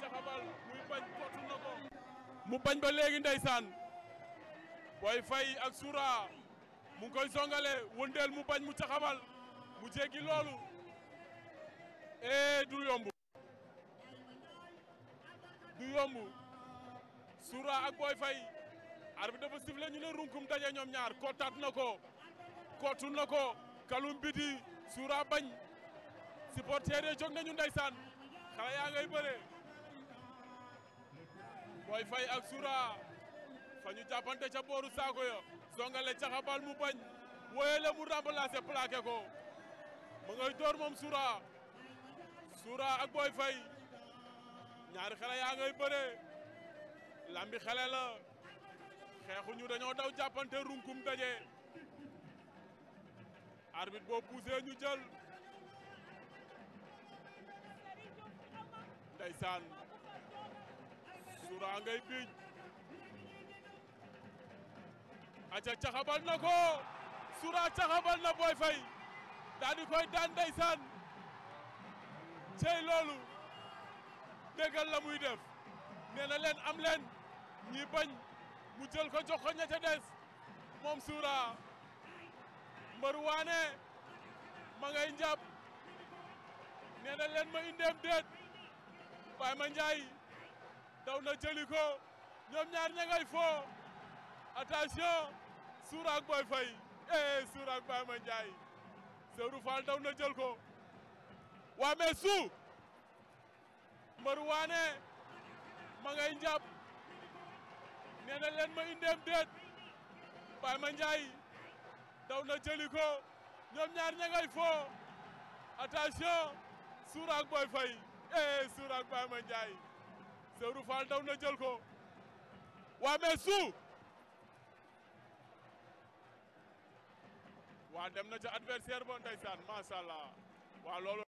koy bañ kottu na mu bañ ba léegi ndeysaan booy fay ak suura mu ngi koy songale wëndeel mu bañ mu jaxabal mu jéggi loolu ee eh, du yomb du yomb suura ak booy fay arbi dafa sifle ñu ne ñaar kottaat na ko kottu kalum biti suura bañ supporter yi jóg nañu ndeysaan xale yaa ngay Boy Faye ak Soura fa ñu jàppante ca booru saako ya songale caxabal mu bañ woyale mu remplacé plaqué ko mu ngay door moom Soura Soura ak Boy Faye ñaari xale yaa ngay bëree lambi xale la xeexuñu dañoo daw jàppante runkum daje arbitre boo poussé ñu caxa ngay biiñ aca caxabal na ko sura caxabal na Boy Faye daal koy daan ndeysaan cey loolu déggal la muy def nee leen am leen ñi bañ mu jël ko jox ko ña ca des moom suura mbaru waane ma ngay njàpp nee na leen ma indeem déet Baye ma Ndiaye daw na jëli ko ñoom ñaar ña ngay foo attention Soura ak Boy Faye eh Soura Ma Ndiaye Seydou Fall daw na jël ko waa mais su mbaru waane ma ngay nee na leen ma indeem déet Baye Ma Ndiaye daw na jëli ko ñoom ñaar ña ngay foo attention Soura ak Boy Faye eh Soura Ma Ndiaye Serou Fall daw na jël ko waa mais su waa dem na ca adversaire ba ndeysaan macha allah waa loolu